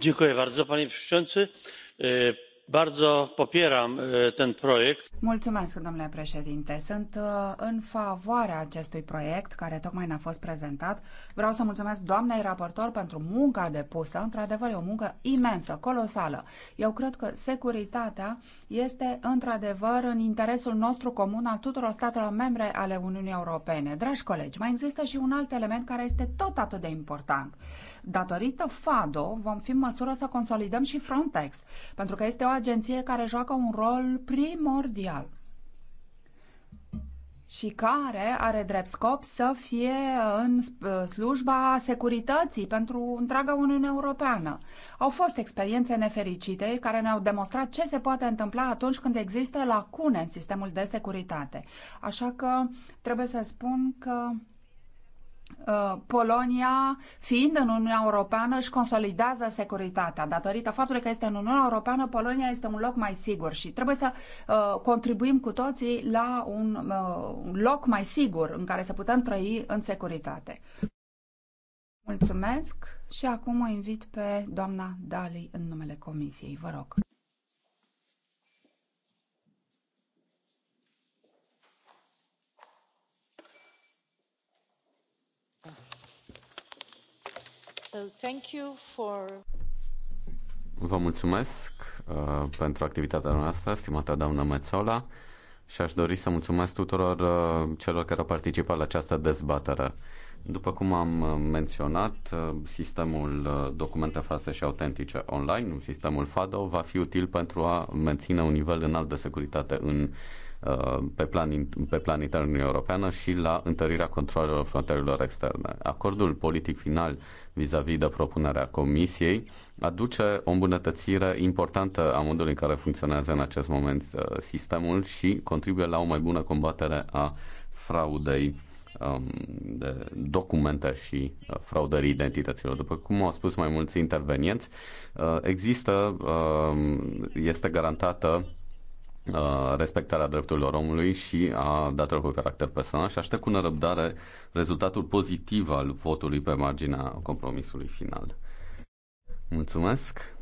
domnule președinte președinte sunt în favoarea acestui proiect care tocmai ne a fost prezentat. vreau să mulțumesc doamnei raportor pentru munca depusă într adevăr e o muncă imensă colosală. eu cred că securitatea este într adevăr în interesul nostru comun al tuturor statelor membre ale uniunii europene. dragi colegi mai există și un alt element care este tot atât de important Datorită FADO vom fi în măsură să consolidăm și Frontex, pentru că este o agenție care joacă un rol primordial și care are drept scop să fie în uh, slujba securității pentru întreaga Uniune Europeană. Au fost experiențe nefericite care ne-au demonstrat ce se poate întâmpla atunci când există lacune în sistemul de securitate. Așa că trebuie să spun că Uh, Polonia, fiind în Uniunea Europeană, își consolidează securitatea. Datorită faptului că este în Uniunea Europeană, Polonia este un loc mai sigur și trebuie să uh, contribuim cu toții la un, uh, loc mai sigur în care să putem trăi în securitate. Mulțumesc și acum o invit pe doamna Dali în numele Comisiei. Vă rog. Vă mulțumesc uh, pentru activitatea noastră, stimată doamnă Mețola, și aș dori să mulțumesc tuturor uh, celor care au participat la această dezbatere. După cum am uh, menționat, uh, sistemul uh, documente false și autentice online, sistemul FADO, va fi util pentru a menține un nivel înalt de securitate în Uh, pe plan, pe plan intern Uniunii Europeană și la întărirea controlelor frontierelor externe. Acordul politic final vis-a-vis -vis de propunerea Comisiei aduce o îmbunătățire importantă a modului în care funcționează în acest moment uh, sistemul și contribuie la o mai bună combatere a fraudei um, de documente și uh, fraudării identităților. După cum au spus mai mulți intervenienți, există, um, este garantată Uh, respectarea drepturilor omului și a datelor cu caracter personal și aștept cu nerăbdare rezultatul pozitiv al votului pe marginea compromisului final. Mulțumesc!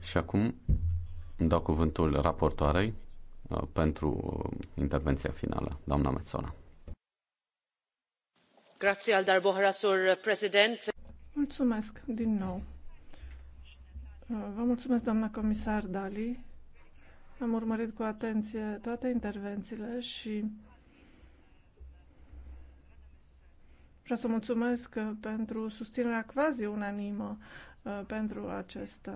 Și acum dau cuvântul raportoarei uh, pentru intervenția finală, doamna Metzola. Grazie al Mulțumesc din nou. Uh, vă mulțumesc, doamna comisar Dali, am urmărit cu atenție toate intervențiile și vreau să mulțumesc pentru susținerea quasi unanimă uh, pentru această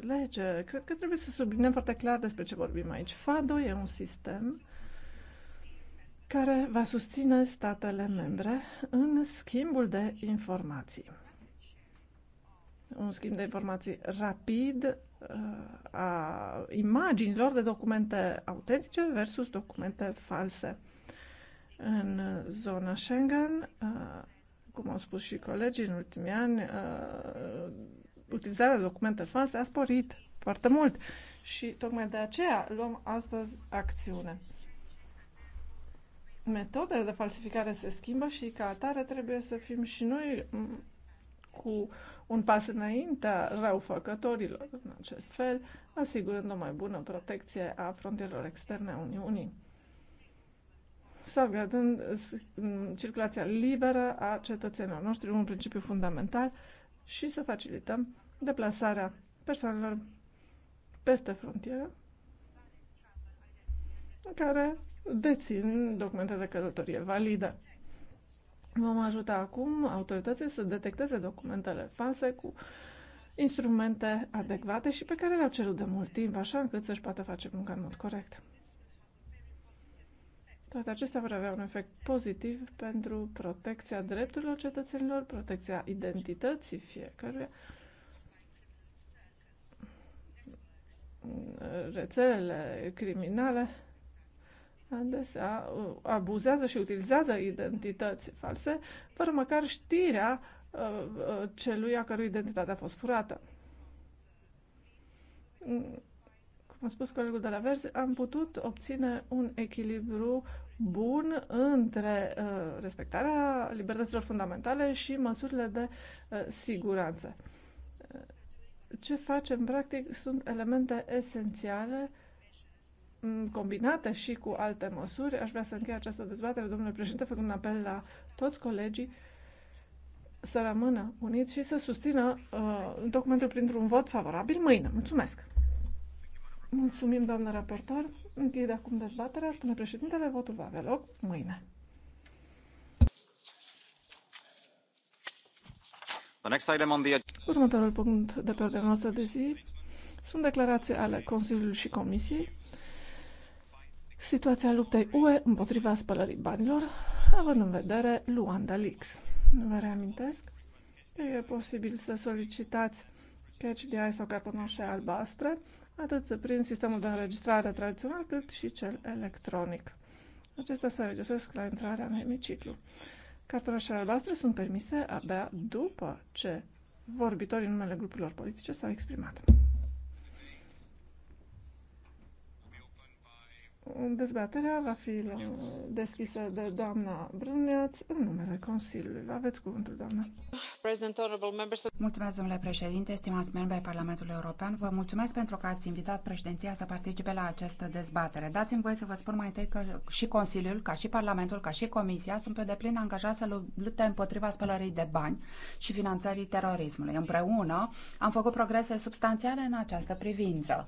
lege. Cred că trebuie să subliniem foarte clar despre ce vorbim aici. FADO e un sistem care va susține statele membre în schimbul de informații. Un schimb de informații rapid Uh, a imaginilor de documente autentice versus documente false. În zona Schengen, uh, cum au spus și colegii în ultimii ani, uh, utilizarea de documente false a sporit foarte mult și tocmai de aceea luăm astăzi acțiune. Metodele de falsificare se schimbă și ca atare trebuie să fim și noi cu un pas înaintea răufăcătorilor, în acest fel, asigurând o mai bună protecție a frontierelor externe a Uniunii, salvgardând circulația liberă a cetățenilor noștri, un principiu fundamental, și să facilităm deplasarea persoanelor peste frontieră care dețin documente de călătorie valide. Vom ajuta acum autoritățile să detecteze documentele false cu instrumente adecvate și pe care le-au cerut de mult timp, așa încât să-și poată face munca în mod corect. Toate acestea vor avea un efect pozitiv pentru protecția drepturilor cetățenilor, protecția identității fiecăruia, rețelele criminale adesea uh, abuzează și utilizează identități false, fără măcar știrea uh, uh, celui a cărui identitate a fost furată. Mm, cum a spus colegul de la Verzi, am putut obține un echilibru bun între respectarea libertăților fundamentale și măsurile de siguranță. Ce facem, practic, sunt elemente esențiale combinate și cu alte măsuri. Aș vrea să închei această dezbatere, domnule președinte, făcând un apel la toți colegii să rămână uniți și să susțină uh, documentul printr-un vot favorabil mâine. Mulțumesc! Mulțumim, doamnă raportor. Închid acum dezbaterea. Spune președintele, votul va avea loc mâine. The the next item on Următorul punct de pe ordinea noastră de zi sunt declarații ale Consiliului și Comisiei situația luptei UE împotriva spălării banilor, având în vedere Luanda Leaks. Vă reamintesc că e posibil să solicitați de sau cartonașe albastre, atât prin sistemul de înregistrare tradițional, cât și cel electronic. Acestea se regăsesc la intrarea în hemiciclu. Cartonașele albastre sunt permise abia după ce vorbitorii numele grupurilor politice s-au exprimat. Dezbaterea va fi uh, deschisă de doamna Brâneaț în numele Consiliului. Aveți cuvântul, doamna. Mulțumesc, domnule președinte, stimați membri ai Parlamentului European. Vă mulțumesc pentru că ați invitat președinția să participe la această dezbatere. Dați-mi voie să vă spun mai întâi că și Consiliul, ca și Parlamentul, ca și Comisia sunt pe deplin angajați să lupte împotriva spălării de bani și finanțării terorismului. Împreună am făcut progrese substanțiale în această privință.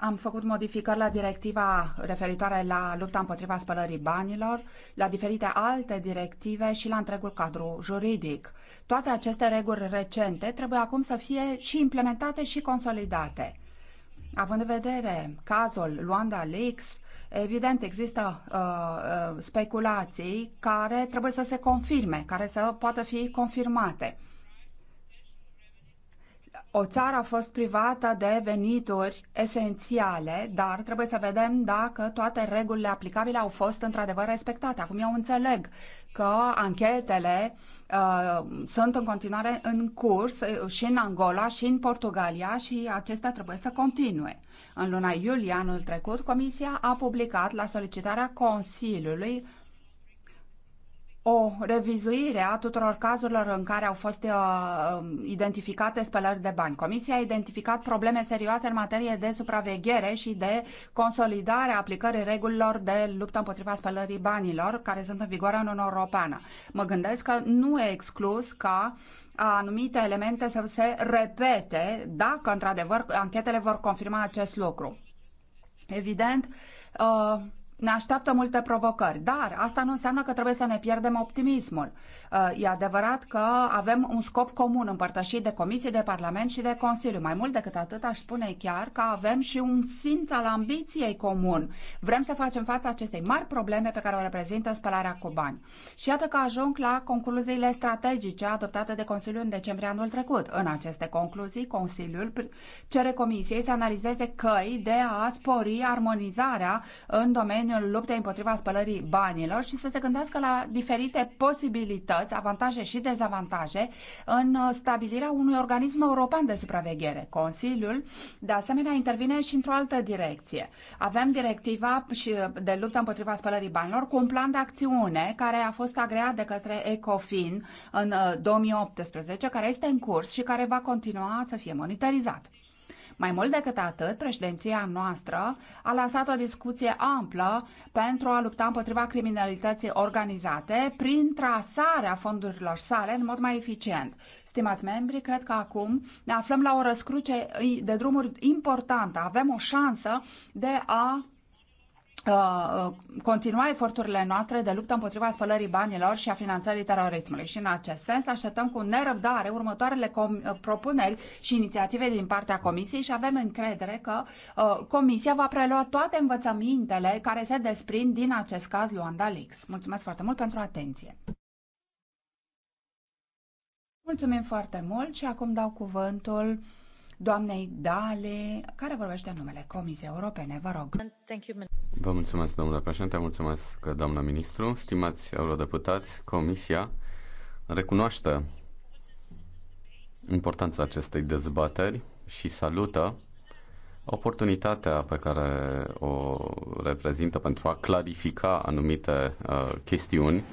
Am făcut modificări la directiva referitoare la lupta împotriva spălării banilor, la diferite alte directive și la întregul cadru juridic. Toate aceste reguli recente trebuie acum să fie și implementate și consolidate. Având în vedere cazul Luanda Leaks, evident există uh, uh speculații care trebuie să se confirme, care să poată fi confirmate o țară a fost privată de venituri esențiale, dar trebuie să vedem dacă toate regulile aplicabile au fost într-adevăr respectate. Acum eu înțeleg că anchetele uh, sunt în continuare în curs uh, și în Angola și în Portugalia și acestea trebuie să continue. În luna iulie anul trecut, Comisia a publicat la solicitarea Consiliului o revizuire a tuturor cazurilor în care au fost uh, um, identificate spălări de bani. Comisia a identificat probleme serioase în materie de supraveghere și de consolidare a aplicării regulilor de luptă împotriva spălării banilor care sunt în vigoare în Uniunea Europeană. Mă gândesc că nu e exclus ca anumite elemente să se repete dacă, într-adevăr, anchetele vor confirma acest lucru. Evident, uh, ne așteaptă multe provocări, dar asta nu înseamnă că trebuie să ne pierdem optimismul. Uh, e adevărat că avem un scop comun împărtășit de Comisie, de Parlament și de Consiliu. Mai mult decât atât, aș spune chiar că avem și un simț al ambiției comun. Vrem să facem față acestei mari probleme pe care o reprezintă spălarea cu bani. Și iată că ajung la concluziile strategice adoptate de Consiliu în decembrie anul trecut. În aceste concluzii, Consiliul cere Comisiei să analizeze căi de a spori armonizarea în domeniul luptei împotriva spălării banilor și să se gândească la diferite posibilități posibilități, avantaje și dezavantaje în uh, stabilirea unui organism european de supraveghere. Consiliul, de asemenea, intervine și într-o altă direcție. Avem directiva uh, de luptă împotriva spălării banilor cu un plan de acțiune care a fost agreat de către ECOFIN în 2018, uh, care este în curs și care va continua să fie monitorizat. Mai mult decât atât, președinția noastră a lansat o discuție amplă pentru a lupta împotriva criminalității organizate prin trasarea fondurilor sale în mod mai eficient. Stimați membri, cred că acum ne aflăm la o răscruce de drumuri importantă. Avem o șansă de a Uh, uh, continua eforturile noastre de luptă împotriva spălării banilor și a finanțării terorismului. Și în acest sens așteptăm cu nerăbdare următoarele uh, propuneri și inițiative din partea Comisiei și avem încredere că uh, Comisia va prelua toate învățămintele care se desprind din acest caz Luanda Lix. Mulțumesc foarte mult pentru atenție! Mulțumim foarte mult și acum dau cuvântul doamnei Dale, care vorbește în numele Comisiei Europene. Vă rog. Vă mulțumesc, domnule președinte, mulțumesc, doamnă ministru, stimați eurodeputați, Comisia recunoaște importanța acestei dezbateri și salută oportunitatea pe care o reprezintă pentru a clarifica anumite uh, chestiuni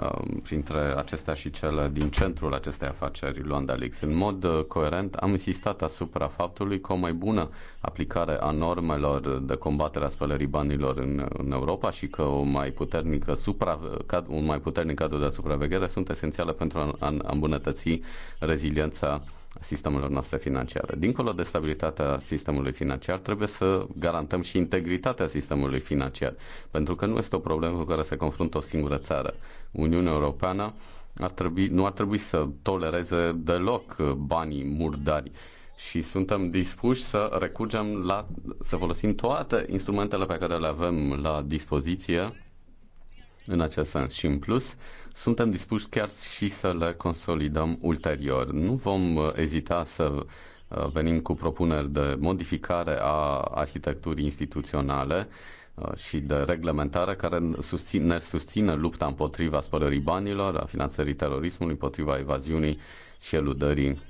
Um, printre acestea și cele din centrul acestei afaceri, Luanda Lix. În mod uh, coerent, am insistat asupra faptului că o mai bună aplicare a normelor de combatere a spălării banilor în, în Europa și că o mai puternică supra, un mai puternic cadru de supraveghere sunt esențiale pentru a, a îmbunătăți reziliența sistemelor noastre financiare. Dincolo de stabilitatea sistemului financiar, trebuie să garantăm și integritatea sistemului financiar, pentru că nu este o problemă cu care se confruntă o singură țară. Uniunea Europeană ar trebui, nu ar trebui să tolereze deloc banii murdari și suntem dispuși să recurgem la, să folosim toate instrumentele pe care le avem la dispoziție în acest sens și în plus suntem dispuși chiar și să le consolidăm ulterior. Nu vom uh, ezita să uh, venim cu propuneri de modificare a arhitecturii instituționale uh, și de reglementare care ne susține lupta împotriva spălării banilor, a finanțării terorismului, împotriva evaziunii și eludării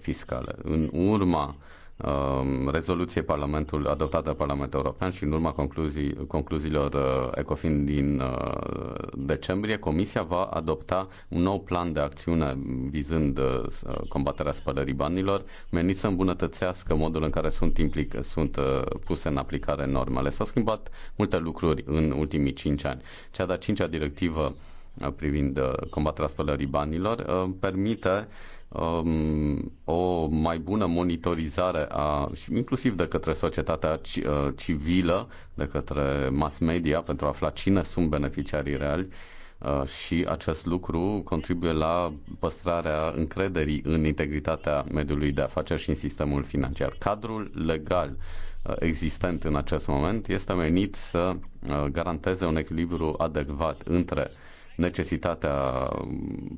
fiscale. În urma Um, rezoluție Parlamentul, adoptată de Parlamentul European și în urma concluzii, concluziilor uh, ECOFIN din uh, decembrie, Comisia va adopta un nou plan de acțiune vizând uh, combaterea spălării banilor, menit să îmbunătățească modul în care sunt, implic, sunt puse în aplicare normele. S-au schimbat multe lucruri în ultimii 5 ani. Cea de-a cincea directivă Uh, privind uh, combaterea spălării banilor uh, permite um, o mai bună monitorizare a, și inclusiv de către societatea civilă, de către mass media pentru a afla cine sunt beneficiarii reali și acest lucru contribuie la păstrarea încrederii în integritatea mediului de afaceri și în sistemul financiar. Cadrul legal existent în acest moment este menit să garanteze un echilibru adecvat între necesitatea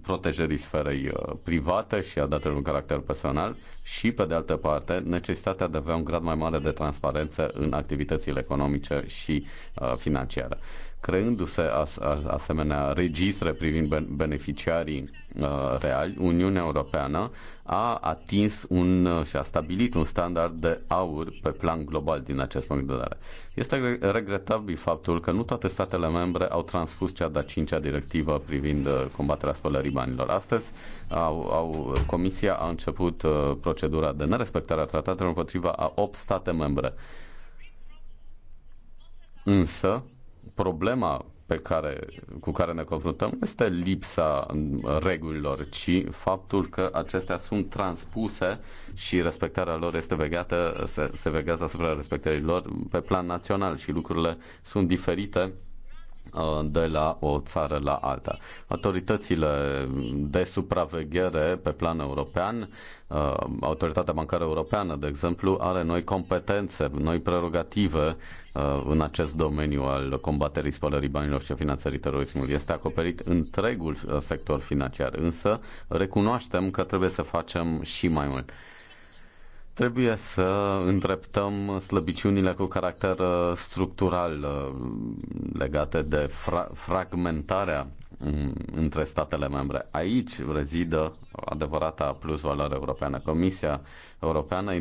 protejării sferei uh, private și a datelor în caracter personal și, pe de altă parte, necesitatea de a avea un grad mai mare de transparență în activitățile economice și uh, financiare creându-se as, as, asemenea registre privind beneficiarii uh, reali, Uniunea Europeană a atins un uh, și a stabilit un standard de aur pe plan global din acest punct de vedere. Este regretabil faptul că nu toate statele membre au transpus cea de-a cincea directivă privind uh, combaterea spălării banilor. Astăzi au, au, Comisia a început uh, procedura de nerespectare a tratatelor împotriva a 8 state membre. Însă, problema pe care, cu care ne confruntăm nu este lipsa mm, regulilor, ci faptul că acestea sunt transpuse și respectarea lor este vegată, se, se vegează asupra respectării lor pe plan național și lucrurile sunt diferite Uh, de la o țară la alta. Autoritățile de supraveghere pe plan european, uh, Autoritatea Bancară Europeană, de exemplu, are noi competențe, noi prerogative uh, în acest domeniu al combaterii spălării banilor și finanțării terorismului. Este acoperit întregul sector financiar, însă recunoaștem că trebuie să facem și mai mult. Trebuie să întreptăm slăbiciunile cu caracter uh, structural uh, legate de fra- fragmentarea mm, între statele membre. Aici rezidă adevărata plus valoare europeană. Comisia Europeană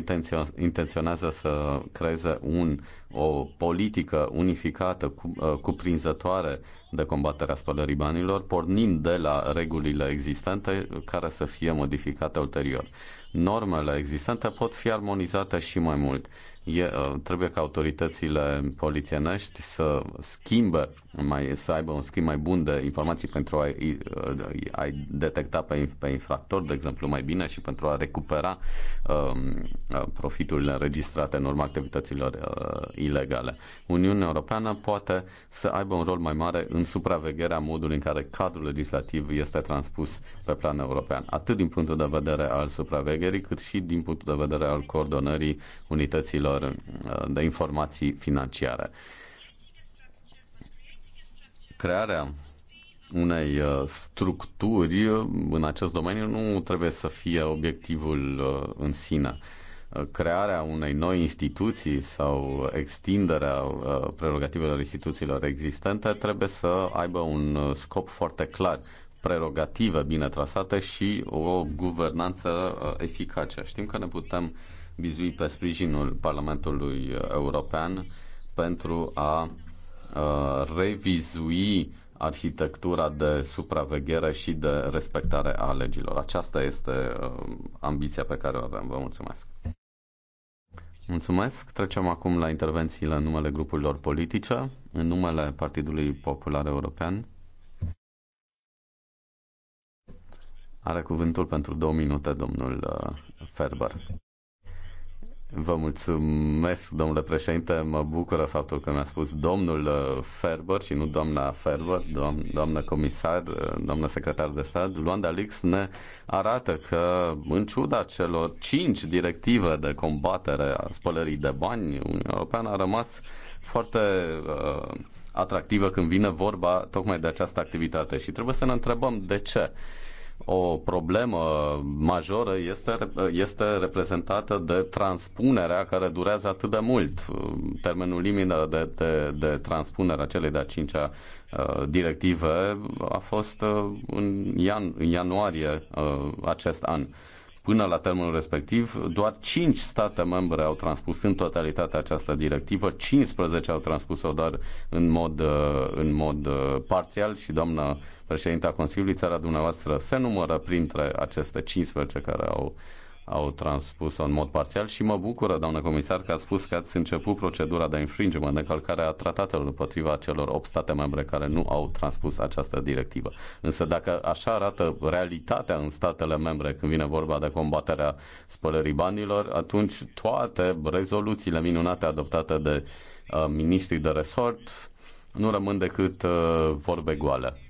intenționează să creeze un, o politică unificată, cu, uh, cuprinzătoare de combaterea spălării banilor, pornind de la regulile existente care să fie modificate ulterior normele existente pot fi armonizate și mai mult. E, uh, trebuie ca autoritățile polițienești să schimbe mai, să aibă un schimb mai bun de informații pentru a, i uh, detecta pe, pe infractor, de exemplu, mai bine și pentru a recupera um, uh, profiturile înregistrate în urma activităților uh, ilegale. Uniunea Europeană poate să aibă un rol mai mare în supravegherea modului în care cadrul legislativ este transpus pe plan european, atât din punctul de vedere al supravegherii, cât și din punctul de vedere al coordonării unităților uh, de informații financiare crearea unei uh, structuri uh, în acest domeniu nu trebuie să fie obiectivul uh, în sine. Crearea unei noi instituții sau extinderea prerogativelor instituțiilor existente trebuie să aibă un scop foarte clar, prerogative bine trasate și o guvernanță eficace. Știm că ne putem bizui pe sprijinul Parlamentului European pentru a Uh, revizui arhitectura de supraveghere și de respectare a legilor. Aceasta este uh, ambiția pe care o avem. Vă mulțumesc! Mulțumesc. Trecem acum la intervențiile în numele grupurilor politice, în numele Partidului Popular European. Are cuvântul pentru două minute domnul uh, Ferber. Vă mulțumesc, domnule președinte. Mă bucură faptul că mi-a spus domnul uh, Ferber și nu doamna Ferber, doam- doamnă comisar, uh, doamnă secretar de stat. Luanda Lix ne arată că, în ciuda celor cinci directive de combatere a spălării de bani, Uniunea Europeană a rămas foarte uh, atractivă când vine vorba tocmai de această activitate și trebuie să ne întrebăm de ce. Uh, o problemă majoră este, este reprezentată de transpunerea care durează atât de mult. Termenul limită de, de, de transpunere a celei de-a cincea uh, directive a fost uh, în, ian, în ianuarie uh, acest an. Până la termenul respectiv, doar 5 state membre au transpus în totalitate această directivă, 15 au transpus-o doar în mod, uh, în mod uh, parțial și doamna președinta Consiliului, țara dumneavoastră se numără printre aceste 15 care au au transpus-o în mod parțial și mă bucură, doamnă comisar, că ați spus că ați început procedura de infringement, de încălcare a tratatelor împotriva celor 8 state membre care nu au transpus această directivă. Însă dacă așa arată realitatea în statele membre când vine vorba de combaterea spălării banilor, atunci toate rezoluțiile minunate adoptate de uh, ministrii de resort nu rămân decât uh, vorbe goale.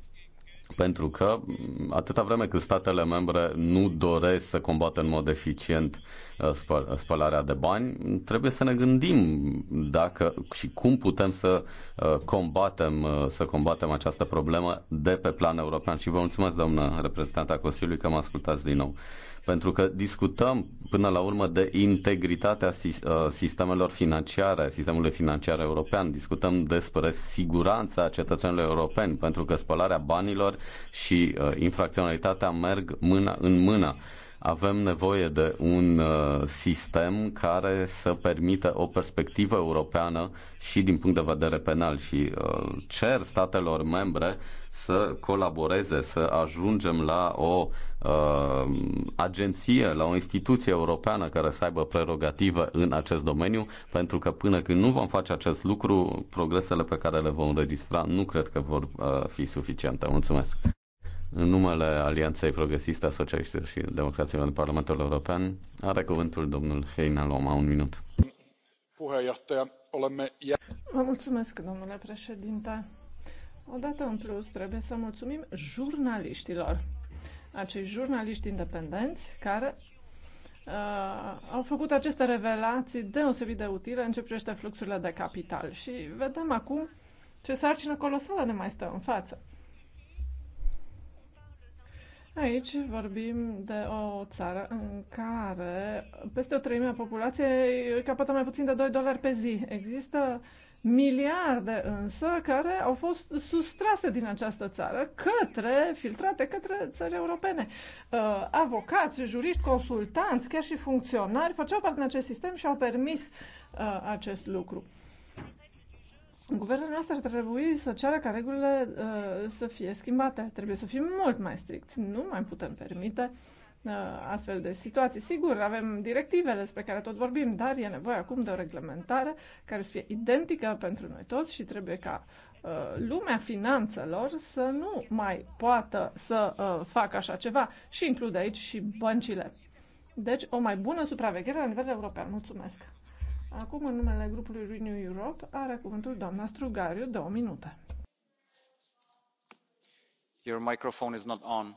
Pentru că mm, atâta vreme cât statele membre nu doresc să combată în mod eficient uh, uh, spălarea de bani, trebuie să ne gândim dacă și cum putem să uh, combatem, să combatem această problemă de pe plan european. Și vă mulțumesc, doamnă reprezentanta Consiliului, că mă ascultați din nou pentru că discutăm până la urmă de integritatea uh, sistemelor financiare, sistemului financiar european, discutăm despre siguranța cetățenilor europeni, pentru că spălarea banilor și uh, infracționalitatea merg mână în mână avem nevoie de un uh, sistem care să permită o perspectivă europeană și din punct de vedere penal și cer statelor membre să colaboreze, să ajungem la o uh, agenție, la o instituție europeană care să aibă prerogativă în acest domeniu, pentru că până când nu vom face acest lucru, progresele pe care le vom înregistra nu cred că vor uh, fi suficiente. Mulțumesc! În numele Alianței Progresiste a Socialiștilor și Democraților în Parlamentul European, are cuvântul domnul Heina Loma, un minut. Vă mulțumesc, domnule președinte. Odată în plus, trebuie să mulțumim jurnaliștilor acei jurnaliști independenți care uh, au făcut aceste revelații deosebit de utile în ce privește fluxurile de capital. Și vedem acum ce sarcină colosală ne mai stă în față. Aici vorbim de o țară în care peste o treime a populației capătă mai puțin de 2 dolari pe zi. Există uh, miliarde însă care au fost sustrase din această țară către, filtrate către țări europene. Uh, avocați, juriști, consultanți, chiar și funcționari făceau parte din acest sistem și au permis uh, acest lucru. Guvernul nostru ar trebui să ceară ca regulile uh, să fie schimbate. Trebuie să fim mult mai stricți. Nu mai putem permite uh, Uh, astfel de situații. Sigur, avem directivele despre care tot vorbim, dar e nevoie acum de o reglementare care să fie identică pentru noi toți și trebuie ca uh, lumea finanțelor să nu mai poată să uh, facă așa ceva și include aici și băncile. Deci, o mai bună supraveghere la nivel european. Mulțumesc! Acum, în numele grupului Renew Europe, are cuvântul doamna Strugariu, două minute. Your microphone is not on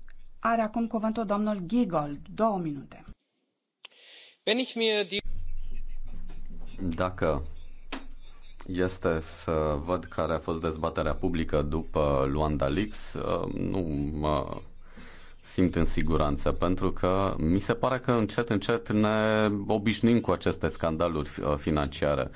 are acum cuvântul domnul Gigol, două minute. Dacă este să văd care a fost dezbaterea publică după Luanda Leaks, nu mă simt în siguranță, pentru că mi se pare că încet, încet ne obișnim cu aceste scandaluri uh, financiare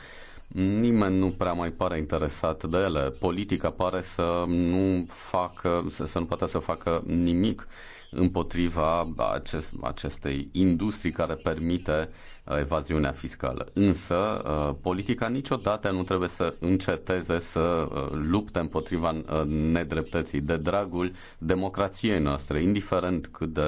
nimeni nu prea mai pare interesat de ele. Politica pare să nu facă, să, să nu poată să facă nimic împotriva acest, acestei industrii care permite evaziunea fiscală. Însă, uh, politica niciodată nu trebuie să înceteze să uh, lupte împotriva uh, nedreptății de dragul democrației noastre, indiferent cât de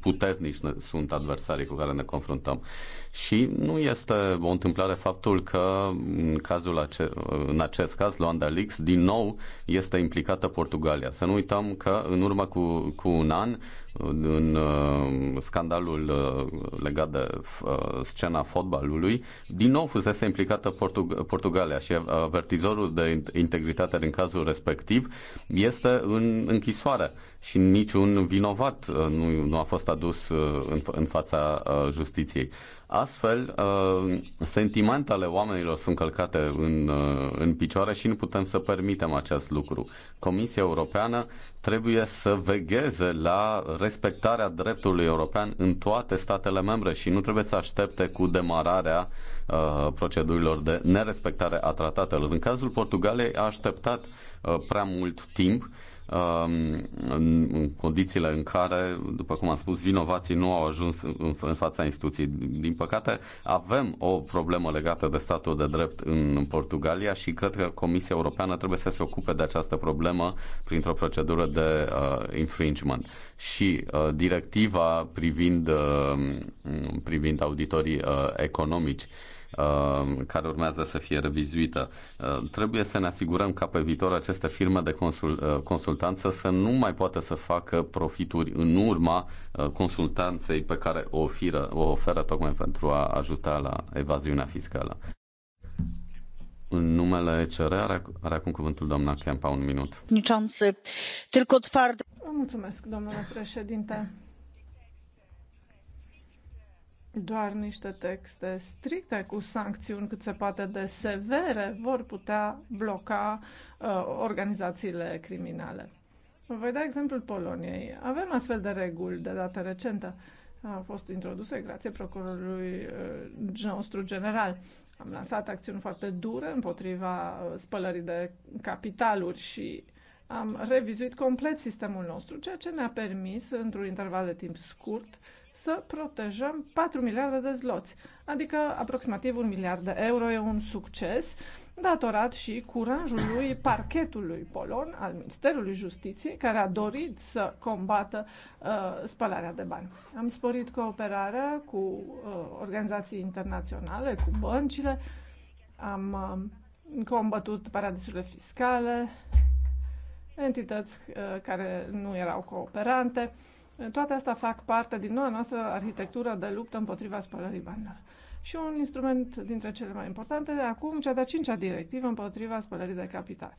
puternici sunt adversarii cu care ne confruntăm. Și nu este o întâmplare faptul că în, cazul ace- în acest caz, Luanda Lix, din nou este implicată Portugalia. Să nu uităm că în urmă cu, cu un an în uh, scandalul uh, legat de uh, scena fotbalului, din nou fusese implicată Portug- Portugalia și uh, avertizorul de integritate în cazul respectiv este în închisoare și niciun vinovat uh, nu, nu a fost adus uh, în, în fața uh, justiției. Astfel, sentimentele oamenilor sunt călcate în, în picioare și nu putem să permitem acest lucru. Comisia Europeană trebuie să vegheze la respectarea dreptului european în toate statele membre și nu trebuie să aștepte cu demararea procedurilor de nerespectare a tratatelor. În cazul Portugalei a așteptat prea mult timp Um, în condițiile în care, după cum am spus, vinovații nu au ajuns în fața instituției. Din păcate, avem o problemă legată de statul de drept în Portugalia și cred că Comisia Europeană trebuie să se ocupe de această problemă printr-o procedură de uh, infringement. Și uh, directiva privind, uh, privind auditorii uh, economici uh, Um, care urmează să fie revizuită. Uh, trebuie să ne asigurăm ca pe viitor aceste firme de uh, consultanță să nu mai poată să facă profituri în urma uh, consultanței pe care o oferă, o oferă tocmai pentru a ajuta la evaziunea fiscală. În numele CR are, are acum cuvântul doamna Chiampa, un minut. Mulțumesc, domnule președinte doar niște texte stricte cu sancțiuni cât se poate de severe vor putea bloca uh, organizațiile criminale. Vă voi da exemplul Poloniei. Avem astfel de reguli de dată recentă. a fost introduse grație procurorului uh, nostru general. Am lansat acțiuni foarte dure împotriva uh, spălării de capitaluri și am revizuit complet sistemul nostru, ceea ce ne-a permis, într-un interval de timp scurt, să protejăm 4 miliarde de zloți, adică aproximativ un miliard de euro. E un succes datorat și curajului parchetului polon al Ministerului Justiției, care a dorit să combată uh, spălarea de bani. Am sporit cooperarea cu uh, organizații internaționale, cu băncile, am uh, combătut paradisurile fiscale, entități uh, care nu erau cooperante. Uh, toate astea fac parte din noua noastră arhitectură de luptă împotriva spălării banilor. Și un instrument dintre cele mai importante de acum, cea de-a cincea directivă împotriva spălării de capital.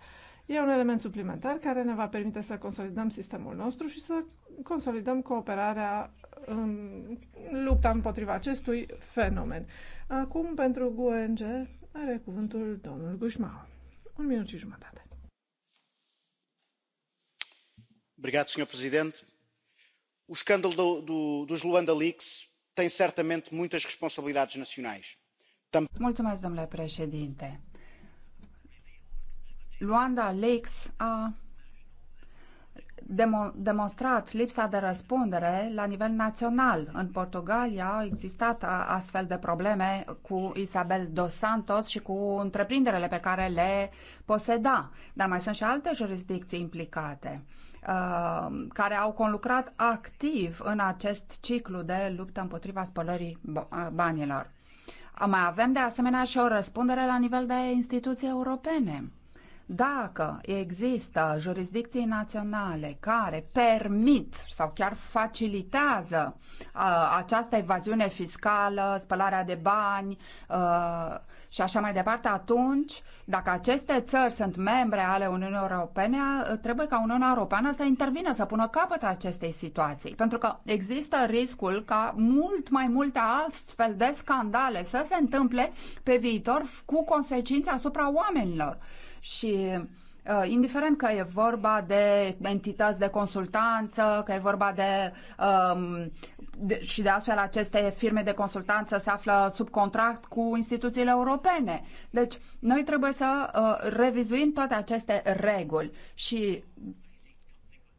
E un element suplimentar care ne va permite să consolidăm sistemul nostru și să consolidăm cooperarea în lupta împotriva acestui fenomen. Acum, pentru GUNG, are cuvântul domnul Gușmau. Un minut și jumătate. Obrigado, Sr. Presidente o escândalo dos luandaleaks tem certamente muitas responsabilidades nacionais. Mulțumesc, domnule președinte. Luanda Leaks a demo demonstrat lipsa de răspundere la nivel național. În Portugalia au existat astfel de probleme cu Isabel dos Santos și cu întreprinderile pe care le poseda, dar mai sunt și alte jurisdicții implicate. Uh, care au conlucrat activ în acest ciclu de luptă împotriva spălării uh, banilor. Mai avem de asemenea și o răspundere la nivel de instituții europene. Dacă există jurisdicții naționale care permit sau chiar facilitează uh, această evaziune fiscală, spălarea de bani uh, și așa mai departe, atunci, dacă aceste țări sunt membre ale Uniunii Europene, uh, trebuie ca Uniunea Europeană să intervină, să pună capăt acestei situații. Pentru că există riscul ca mult mai multe astfel de scandale să se întâmple pe viitor cu consecințe asupra oamenilor și uh, indiferent că e vorba de entități de consultanță, că e vorba de, um, de și de altfel aceste firme de consultanță se află sub contract cu instituțiile europene. Deci noi trebuie să uh, revizuim toate aceste reguli și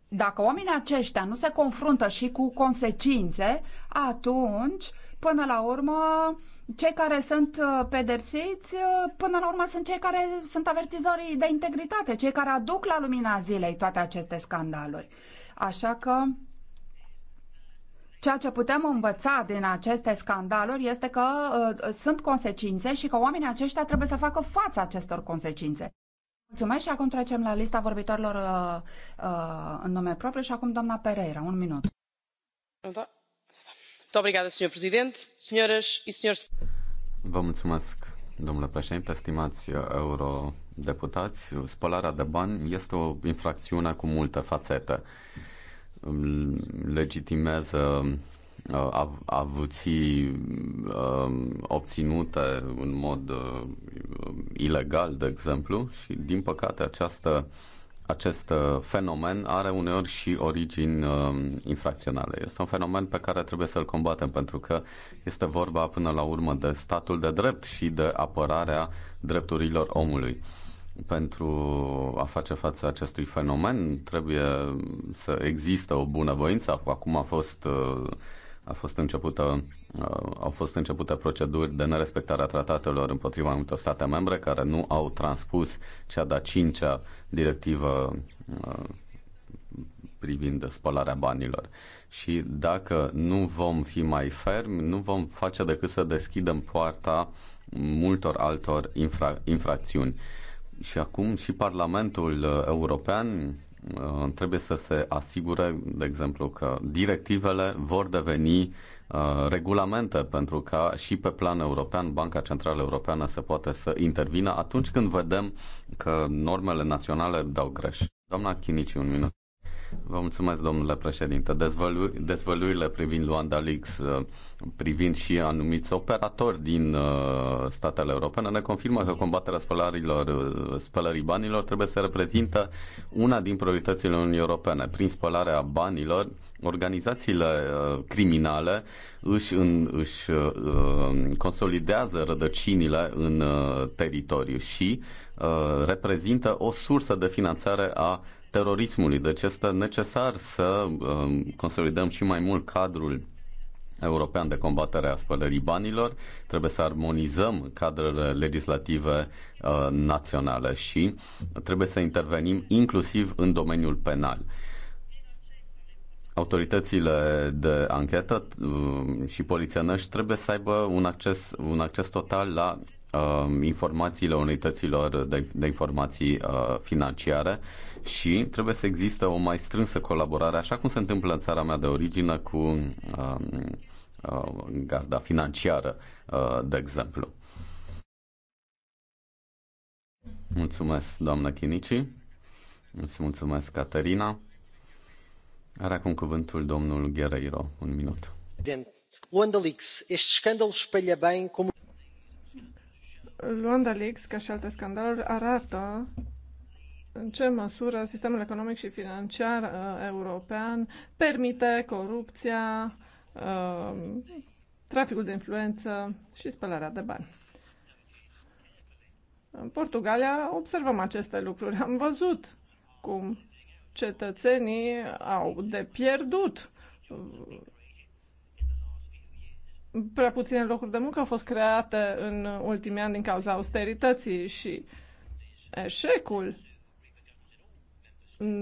dacă oamenii aceștia nu se confruntă și cu consecințe, atunci, până la urmă, uh, cei care sunt uh, pedepsiți, uh, până la urmă, sunt cei care sunt avertizorii de integritate, cei care aduc la lumina zilei toate aceste scandaluri. Așa că ceea ce putem învăța din aceste scandaluri este că uh, sunt consecințe și că oamenii aceștia trebuie să facă față acestor consecințe. Mulțumesc și acum trecem la lista vorbitorilor uh, uh, în nume propriu și acum doamna Pereira, un minut. Da. Vă mulțumesc, domnule președinte, stimați uh, eurodeputați. Spălarea de bani este o infracțiune cu multe fațete. Legitimează uh, avuții uh, obținute în mod ilegal, de exemplu, și, din păcate, această acest uh, fenomen are uneori și origini um, infracționale. Este un fenomen pe care trebuie să-l combatem pentru că este vorba până la urmă de statul de drept și de apărarea drepturilor omului. Pentru a face față acestui fenomen trebuie să există o bunăvoință. Acum a fost uh, a fost începută, uh, au fost începute proceduri de nerespectare a tratatelor împotriva anumitor state membre care nu au transpus cea de-a cincea directivă uh, privind spălarea banilor. Și dacă nu vom fi mai fermi, nu vom face decât să deschidem poarta multor altor infra- infracțiuni. Și acum și Parlamentul European Uh, trebuie să se asigure, de exemplu, că directivele vor deveni uh, regulamente pentru ca și pe plan european Banca Centrală Europeană să poată să intervină atunci când vedem că normele naționale dau greș. Doamna Chinici, un minut. Vă mulțumesc, domnule președinte. Dezvălu- dezvăluirile privind Luanda Leaks, uh, privind și anumiți operatori din uh, statele europene, ne confirmă că combaterea spălărilor, uh, spălării banilor trebuie să reprezintă una din prioritățile Uniunii Europene. Prin spălarea banilor, organizațiile criminale își, în, își consolidează rădăcinile în teritoriu și reprezintă o sursă de finanțare a terorismului. Deci este necesar să um, consolidăm și mai mult cadrul european de combatere a spălării banilor, trebuie să armonizăm cadrele legislative uh, naționale și trebuie să intervenim inclusiv în domeniul penal. Autoritățile de anchetă uh, și polițienești trebuie să aibă un acces, un acces total la uh, informațiile unităților de, de informații uh, financiare și trebuie să existe o mai strânsă colaborare, așa cum se întâmplă în țara mea de origine cu uh, uh, garda financiară, uh, de exemplu. Mulțumesc, doamnă Chinici. Îți mulțumesc, Caterina. Are acum cuvântul domnul Guerreiro. Un minut. Presidente, o Andalix, este escândalo espalha bem como Luanda Leaks, ca și alte scandaluri, arată în ce măsură sistemul economic și financiar uh, european permite corupția, uh, traficul de influență și spălarea de bani. În Portugalia observăm aceste lucruri. Am văzut cum cetățenii au de pierdut prea puține locuri de muncă au fost create în ultimii ani din cauza austerității și eșecul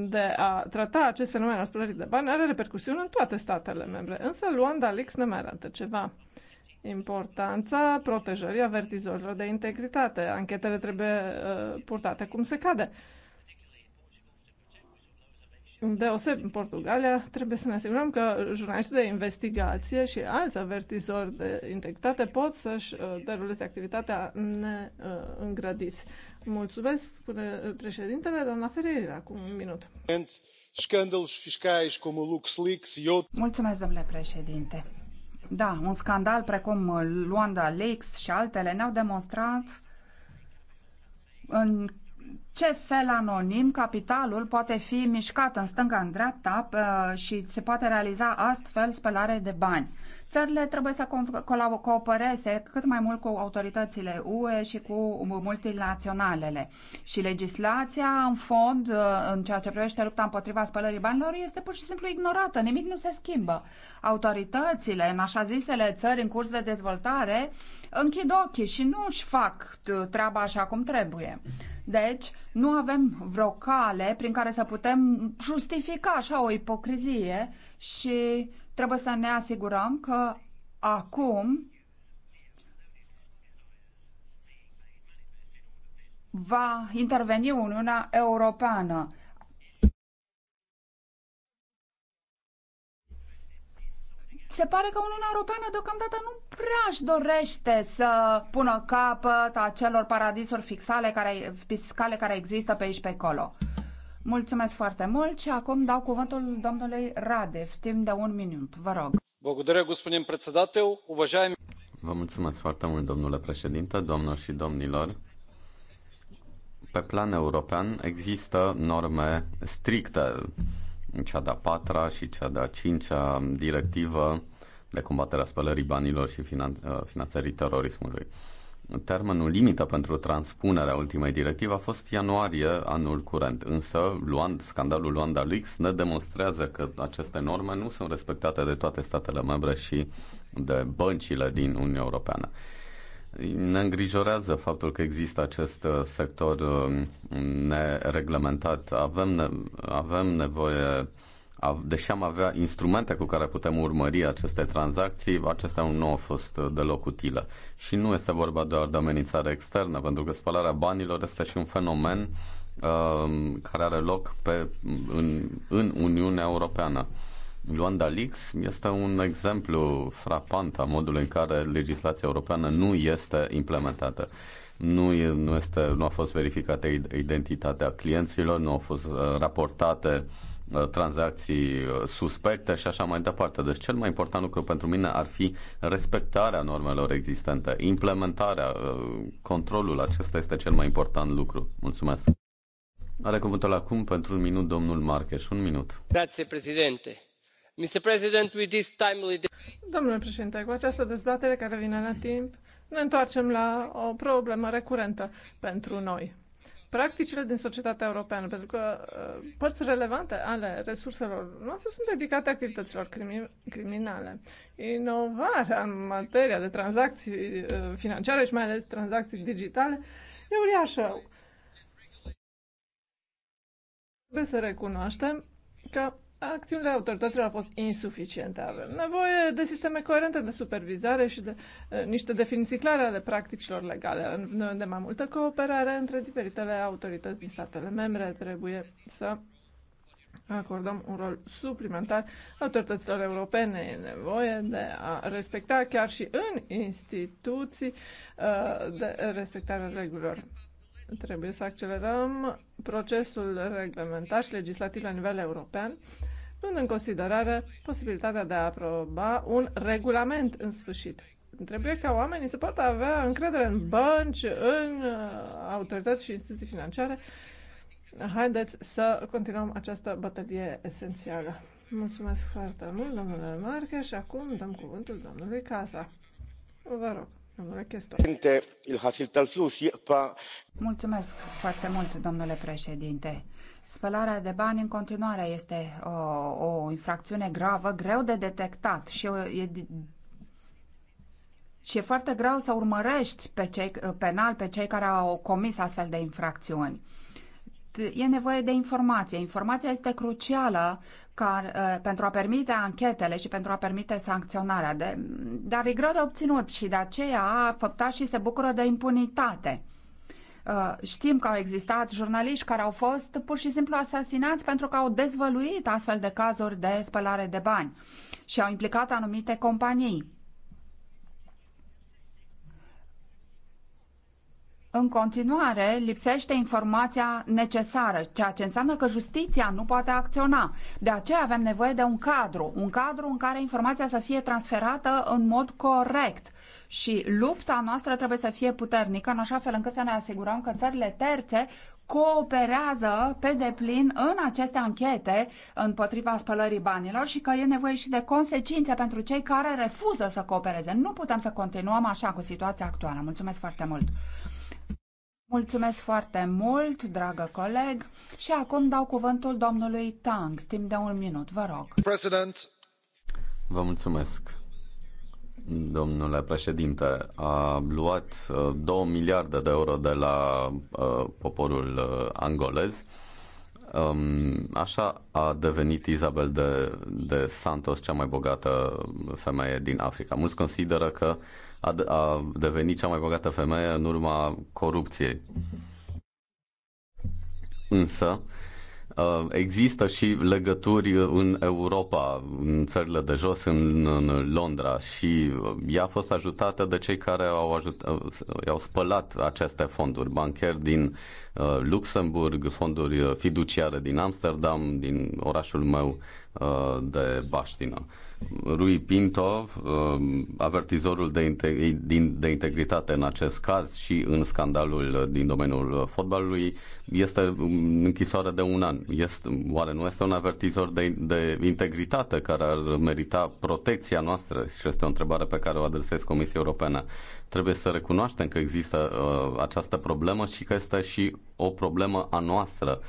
de a trata acest fenomen al spălării de bani are repercusiuni în toate statele membre. Însă Luanda Lix ne mai arată ceva. Importanța protejării avertizorilor de integritate. Anchetele trebuie uh, purtate cum se cade. Uh, deoseb în Portugalia, trebuie să ne asigurăm că jurnaliștii de investigație și alți avertizori de integritate pot să-și uh, deruleze activitatea neîngrădiți. Mulțumesc, spune uh, președintele, doamna Ferreira, acum un minut. Mulțumesc, domnule președinte. Da, un scandal precum uh, Luanda Leaks și altele ne-au demonstrat în ce fel anonim capitalul poate fi mișcat în stânga, în dreapta și se poate realiza astfel spălare de bani. Țările trebuie să coopereze cât mai mult cu autoritățile UE și cu multinaționalele. Și legislația, în fond, uh, în ceea ce privește lupta împotriva spălării banilor, este pur și simplu ignorată. Nimic nu se schimbă. Autoritățile, în așa zisele țări în curs de dezvoltare, închid ochii și nu își fac treaba așa cum trebuie. Deci, nu avem vreo cale prin care să putem justifica așa o ipocrizie și Trebuie să ne asigurăm că acum va interveni Uniunea Europeană. Se pare că Uniunea Europeană deocamdată nu prea își dorește să pună capăt acelor paradisuri fiscale care, fiscale care există pe aici pe acolo. Mulțumesc foarte mult și acum dau cuvântul domnului Radev, timp de un minut. Vă rog. Vă mulțumesc foarte mult, domnule președinte, doamnelor și domnilor. Pe plan european există norme stricte, cea de-a patra și cea de-a cincea directivă de combaterea spălării banilor și finan- ă, finanțării terorismului. Termenul limită pentru transpunerea ultimei directive a fost ianuarie anul curent, însă luand, scandalul Luanda Leaks ne demonstrează că aceste norme nu sunt respectate de toate statele membre și de băncile din Uniunea Europeană. Ne îngrijorează faptul că există acest uh, sector uh, nereglementat. Avem, ne- avem nevoie deși am avea instrumente cu care putem urmări aceste tranzacții, acestea nu au fost uh, deloc utile. Și nu este vorba doar de amenințare externă, pentru că spălarea banilor este și un fenomen uh, care are loc pe, în, în Uniunea Europeană. Luanda Leaks este un exemplu frapant a modului în care legislația europeană nu este implementată nu, e, nu, este, nu a fost verificată identitatea clienților, nu au fost uh, raportate Uh, tranzacții uh, suspecte și așa mai departe. Deci cel mai important lucru pentru mine ar fi respectarea normelor existente, implementarea, uh, controlul acesta este cel mai important lucru. Mulțumesc. Are cuvântul acum pentru un minut domnul Marcheș. Un minut. Grazie, președinte. Mr. President, with this timely... Domnule președinte, cu această dezbatere care vine la timp, ne întoarcem la o problemă recurentă pentru noi practicile din societatea europeană, pentru că uh, părți relevante ale resurselor noastre sunt dedicate activităților criminale. Inovarea în materia de tranzacții uh, financiare și mai ales tranzacții digitale e uriașă. Trebuie să recunoaștem că acțiunile autorităților au fost insuficiente. Avem nevoie de sisteme coerente de supervizare și de uh, niște definiții clare ale practicilor legale. Avem de mai multă cooperare între diferitele autorități din statele membre. Trebuie să acordăm un rol suplimentar autorităților europene. E nevoie de a respecta chiar și în instituții uh, de respectarea regulilor. Trebuie să accelerăm procesul reglementar și legislativ la nivel european luând în considerare posibilitatea de a aproba un regulament în sfârșit. Trebuie ca oamenii să poată avea încredere în bănci, în uh, autorități și instituții financiare. Haideți să continuăm această bătălie esențială. Mulțumesc foarte mult, domnule Marche, și acum dăm cuvântul domnului Casa. Vă rog, domnule Chestor. Mulțumesc foarte mult, domnule președinte. Spălarea de bani în continuare este o, o infracțiune gravă, greu de detectat și e, și e foarte greu să urmărești pe cei, penal pe cei care au comis astfel de infracțiuni e nevoie de informație. Informația este crucială ca, uh, pentru a permite anchetele și pentru a permite sancționarea, de, dar e greu de obținut și de aceea făptașii se bucură de impunitate. Uh, știm că au existat jurnaliști care au fost pur și simplu asasinați pentru că au dezvăluit astfel de cazuri de spălare de bani și au implicat anumite companii. În continuare, lipsește informația necesară, ceea ce înseamnă că justiția nu poate acționa. De aceea avem nevoie de un cadru, un cadru în care informația să fie transferată în mod corect și lupta noastră trebuie să fie puternică, în așa fel încât să ne asigurăm că țările terțe cooperează pe deplin în aceste anchete împotriva spălării banilor și că e nevoie și de consecințe pentru cei care refuză să coopereze. Nu putem să continuăm așa cu situația actuală. Mulțumesc foarte mult! Mulțumesc foarte mult, dragă coleg, și acum dau cuvântul domnului Tang, timp de un minut, vă rog. President. Vă mulțumesc, domnule președinte, a luat 2 uh, miliarde de euro de la uh, poporul uh, angolez. Um, așa a devenit Isabel de, de Santos cea mai bogată femeie din Africa. Mulți consideră că a, a devenit cea mai bogată femeie în urma corupției. Însă, Uh, există și legături în Europa, în țările de jos, în, în Londra și uh, ea a fost ajutată de cei care au, ajutat, uh, au spălat aceste fonduri, bancheri din Luxemburg, fonduri fiduciare din Amsterdam, din orașul meu Uh, de baștină. Rui Pinto, uh, avertizorul de, de integritate în acest caz și în scandalul din domeniul fotbalului, este închisoare de un an. Este, oare nu este un avertizor de, de integritate care ar merita protecția noastră? Și este o întrebare pe care o adresez Comisiei Europene. Trebuie să recunoaștem că există uh, această problemă și că este și o problemă a noastră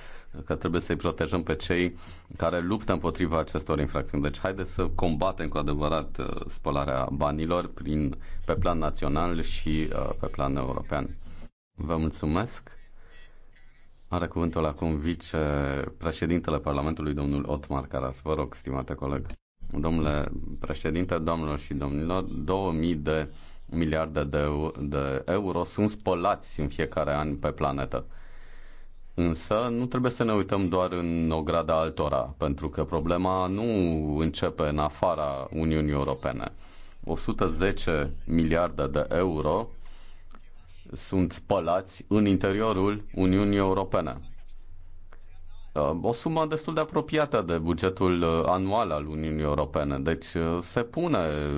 că trebuie să-i protejăm pe cei care luptă împotriva acestor infracțiuni. Deci haideți să combatem cu adevărat uh, spălarea banilor prin, pe plan național și uh, pe plan european. Vă mulțumesc. Are cuvântul acum vicepreședintele Parlamentului, domnul Otmar Caras. Vă rog, stimate coleg. Domnule președinte, domnilor și domnilor, 2000 de miliarde de, euro sunt spălați în fiecare an pe planetă. Însă nu trebuie să ne uităm doar în ograda altora, pentru că problema nu începe în afara Uniunii Europene. 110 miliarde de euro sunt spălați în interiorul Uniunii Europene. O sumă destul de apropiată de bugetul uh, anual al Uniunii Europene. Deci uh, se pune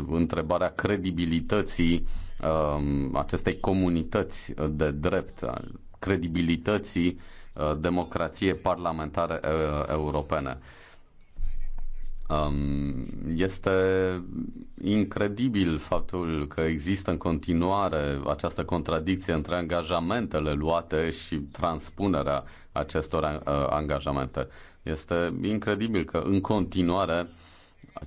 întrebarea credibilității um, acestei comunități de drept, credibilității Uh, democrație parlamentară uh, europene. Um, este incredibil faptul că există în continuare această contradicție între angajamentele luate și transpunerea acestor uh, angajamente. Este incredibil că în continuare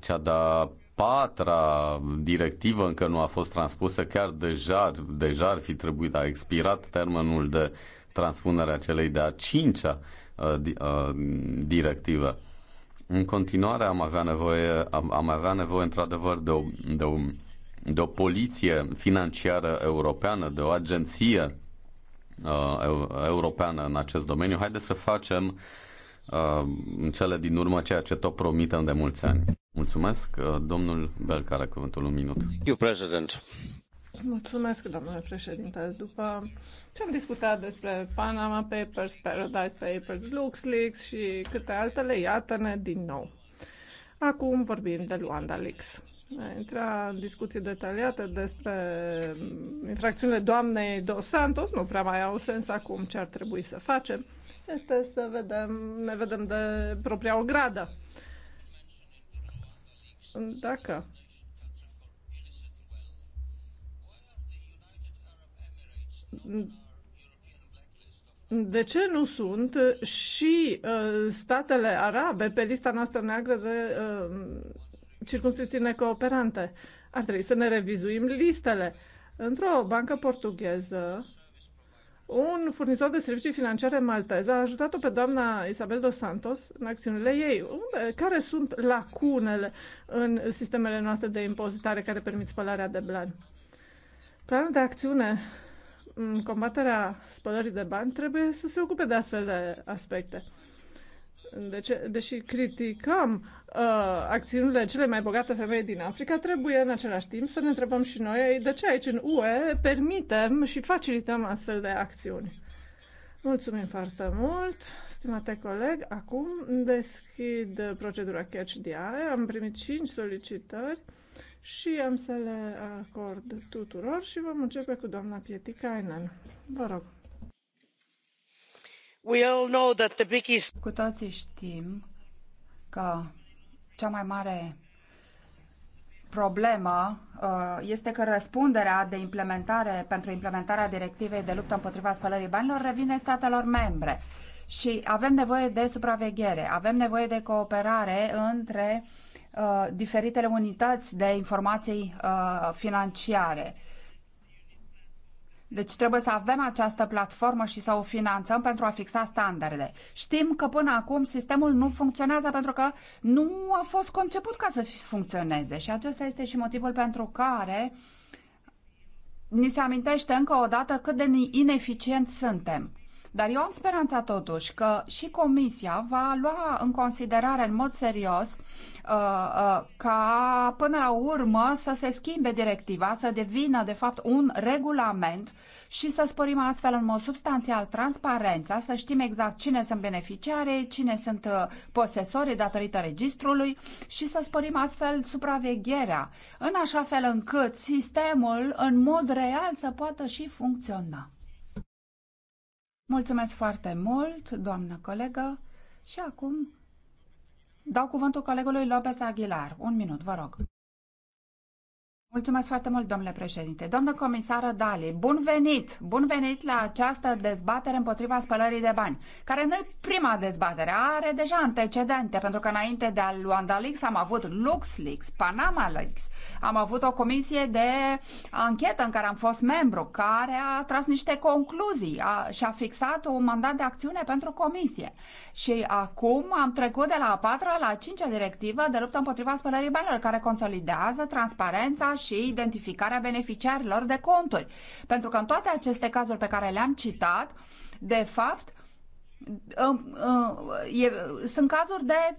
cea de-a patra directivă încă nu a fost transpusă, chiar deja, deja ar fi trebuit, a expirat termenul de uh, transpunerea celei de-a cincea uh, uh, directivă. În continuare am avea nevoie, am, am avea nevoie într-adevăr de o, de, o, de o poliție financiară europeană, de o agenție uh, europeană în acest domeniu. Haideți să facem uh, în cele din urmă ceea ce tot promitem de mulți ani. Mulțumesc, uh, domnul Bel, care cuvântul un minut. You, President. Mulțumesc, domnule președinte. După ce am discutat despre Panama Papers, Paradise Papers, LuxLeaks și câte altele, iată-ne din nou. Acum vorbim de Luanda Leaks. Intra în discuții detaliate despre infracțiunile doamnei Dos Santos, nu prea mai au sens acum ce ar trebui să facem, este să vedem, ne vedem de propria ogradă. Dacă de ce nu sunt și uh, statele arabe pe lista noastră neagră de uh, circunscripții necooperante? Ar trebui să ne revizuim listele. Într-o bancă portugheză, un furnizor de servicii financiare maltez a ajutat-o pe doamna Isabel dos Santos în acțiunile ei. Unde, care sunt lacunele în sistemele noastre de impozitare care permit spălarea de bani? Planul de acțiune combaterea spălării de bani trebuie să se ocupe de astfel de aspecte. Deci, deși criticăm uh, acțiunile cele mai bogate femei din Africa, trebuie în același timp să ne întrebăm și noi de ce aici în UE permitem și facilităm astfel de acțiuni. Mulțumim foarte mult, stimate coleg. Acum deschid procedura Catch Diare. Am primit 5 solicitări și am să le acord tuturor și vom începe cu doamna Pietikainen. Vă rog. We all know that the biggest... Cu toții știm că cea mai mare problema uh, este că răspunderea de implementare pentru implementarea directivei de luptă împotriva spălării banilor revine statelor membre. Și avem nevoie de supraveghere, avem nevoie de cooperare între uh, Uh, diferitele unități de informații uh, financiare. Deci trebuie să avem această platformă și să o finanțăm pentru a fixa standarde. Știm că până acum sistemul nu funcționează pentru că nu a fost conceput ca să funcționeze și acesta este și motivul pentru care ni se amintește încă o dată cât de ineficient suntem. Dar eu am speranța totuși că și Comisia va lua în considerare în mod serios uh, uh, ca până la urmă să se schimbe directiva, să devină de fapt un regulament și să sporim astfel în mod substanțial transparența, să știm exact cine sunt beneficiare, cine sunt uh, posesorii datorită registrului și să sporim astfel supravegherea, în așa fel încât sistemul în mod real să poată și funcționa. Mulțumesc foarte mult, doamnă colegă. Și acum dau cuvântul colegului Lopez Aguilar. Un minut, vă rog. Mulțumesc foarte mult, domnule președinte. Doamnă comisară Dali, bun venit! Bun venit la această dezbatere împotriva spălării de bani, care nu e prima dezbatere, are deja antecedente, pentru că înainte de Luanda Leaks am avut LuxLeaks, Panama Leaks, am avut o comisie de anchetă în care am fost membru, care a tras niște concluzii a, și a fixat un mandat de acțiune pentru comisie. Și acum am trecut de la a patra la a cincea directivă de luptă împotriva spălării banilor, care consolidează transparența și identificarea beneficiarilor de conturi. Pentru că în toate aceste cazuri pe care le-am citat, de fapt, sunt cazuri de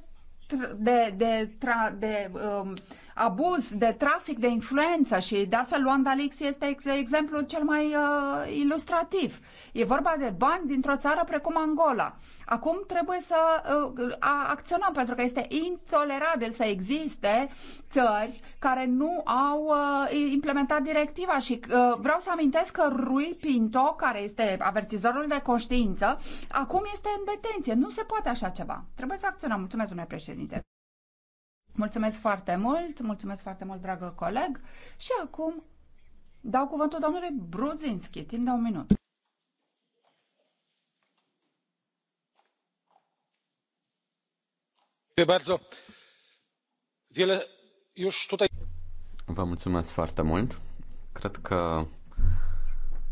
de, de, de, de um, de abuz, de trafic, de influență și de altfel Luanda Lix este exemplul cel mai uh, ilustrativ. E vorba de bani dintr-o țară precum Angola. Acum trebuie să uh, acționăm pentru că este intolerabil să existe țări care nu au uh, implementat directiva și uh, vreau să amintesc că Rui Pinto, care este avertizorul de conștiință, acum este în detenție. Nu se poate așa ceva. Trebuie să acționăm. Mulțumesc, domnule președinte. Mulțumesc foarte mult, mulțumesc foarte mult, dragă coleg. Și acum dau cuvântul domnului Brudzinski, timp de un minut. Vă mulțumesc foarte mult. Cred că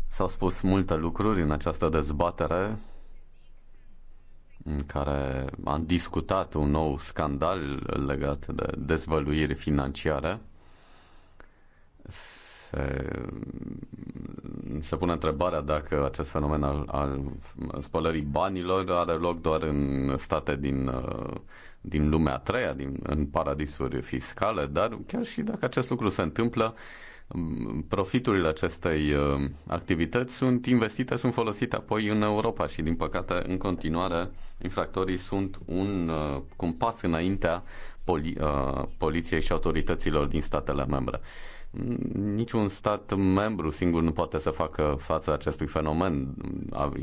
s-au spus multe lucruri în această dezbatere în care am discutat un nou scandal legat de dezvăluiri financiare, se, se pune întrebarea dacă acest fenomen al, al spălării banilor are loc doar în state din, uh, din lumea a treia, din, în paradisuri fiscale, dar chiar și dacă acest lucru se întâmplă, profiturile acestei uh, activități sunt investite, sunt folosite apoi în Europa și, din păcate, în continuare, infractorii sunt un, uh, un pas înaintea poli, uh, poliției și autorităților din statele membre. Mm, niciun stat membru singur nu poate să facă față acestui fenomen.